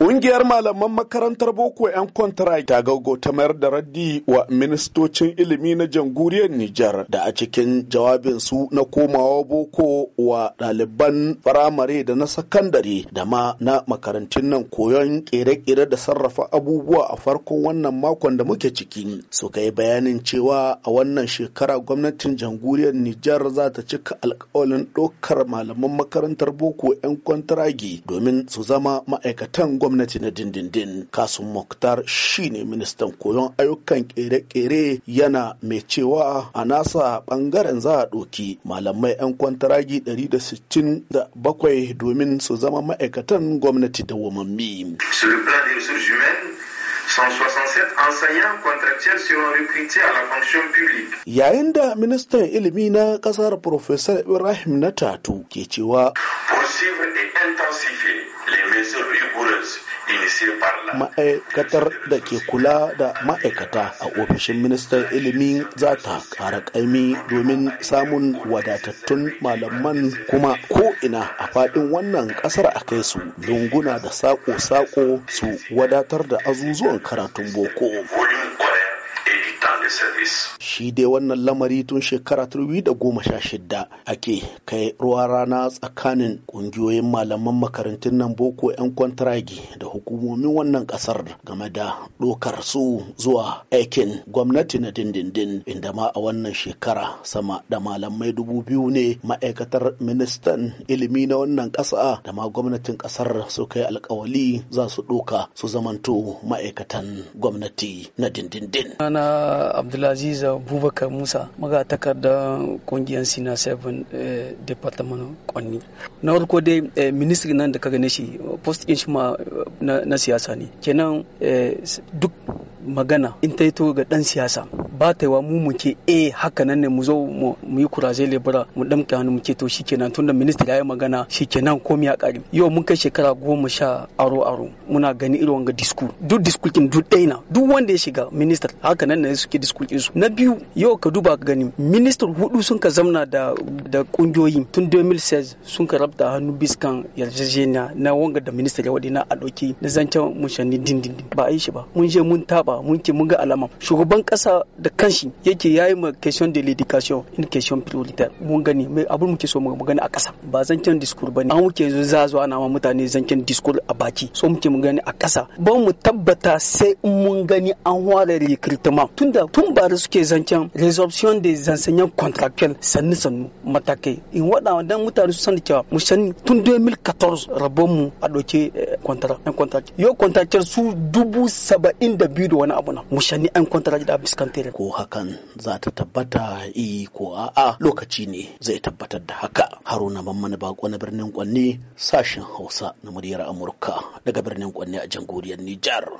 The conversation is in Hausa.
Ƙungiyar malaman makarantar boko 'yan kwantara ta gaugo ta mayar da raddi wa ministocin ilimi na jamhuriyar Nijar da a cikin jawabinsu na komawa boko wa ɗaliban firamare da na sakandare da ma na makarantun nan koyon ƙere-ƙere da sarrafa abubuwa a farkon wannan makon da muke ciki. Suka yi bayanin cewa a wannan shekara gwamnatin jamhuriyar Nijar za ta cika alƙawalin ɗaukar malaman makarantar boko 'yan kwantaragi domin su zama ma'aikatan gwamnati. gwamnati na dindindin kasu muktar shine ministan koyon ayyukan kere-kere yana mai cewa a nasa bangaren za a ɗoki malamai 'yan kwantaragi 167 domin su zama ma'aikatan gwamnati da wamammi. 167 la publique. Yayin da ministan ilimi na kasar Professor Ibrahim tatu ke cewa. et intensifier les mesures ma'aikatar da ke kula da ma'aikata a ofishin ministan ilimi za ta ƙara kaimi domin samun wadatattun malaman kuma ko'ina a faɗin wannan ƙasar a kai su lunguna da saƙo-saƙo su wadatar da azuzuwan karatun boko. the service. Shi dai wannan lamari tun shekara da goma sha shida ake kai ruwa rana tsakanin ƙungiyoyin malaman makarantun nan boko 'yan kwantaragi da hukumomin wannan ƙasar game da dokar su zuwa aikin gwamnati na dindindin inda ma a wannan shekara sama da malamai dubu biyu ne ma'aikatar ministan ilimi na wannan ƙasa da ma gwamnatin ƙasar su kai alkawali za su ɗauka su zamanto ma'aikatan gwamnati na dindindin. abdulaziz abubakar musa maga takardar kungiyar sina 7 eh, department kwanni na farko dai eh, ministry nan da ka gane shi post din shi ma eh, na siyasa ne kenan duk magana in ta yi to ga dan siyasa ba ta wa mu mu ce eh haka nan ne mu zo mu yi kuraje lebura mu damka hannu mu ce to shikenan tunda minista ya yi magana shikenan komai ya kare yau mun kai shekara goma sha aro aro muna gani irin wanga disku duk diskulkin duk ɗaya na duk wanda ya shiga minista haka nan ne suke diskulkin su na biyu yau ka duba ka gani minista hudu sun ka zamna da da kungiyoyi tun 2016 sun ka rabta hannu biskan yarjejeniya na wanga da minista ya wadi na a ɗauki na zancen mushanni dindindin ba a yi shi ba mun je mun taba mun ke mun ga alama shugaban kasa da da kanshi yake yayi ma question de l'education in question prioritaire mun gani mai abun muke so mu gani a ƙasa ba zancen discours bane an muke yanzu zazo ana ma mutane zancen discours a baki so muke mu gani a ƙasa ba mu tabbata sai in mun gani an ware recrutement tunda tun ba da suke zancen resorption des enseignants contractuels sannu sannu matakai in waɗannan mutane su da cewa mu sani tun 2014 rabon mu a ɗauke eh, kwantara an kwantara yo su dubu saba'in da biyu da wani abu na mushani an kwantara da biskantere ko hakan za ta tabbata i e, ko a'a lokaci ne zai tabbatar da haka haruna mamman bako na birnin kwanne sashen hausa na muryar amurka daga birnin kwanne a jamhuriyar nijar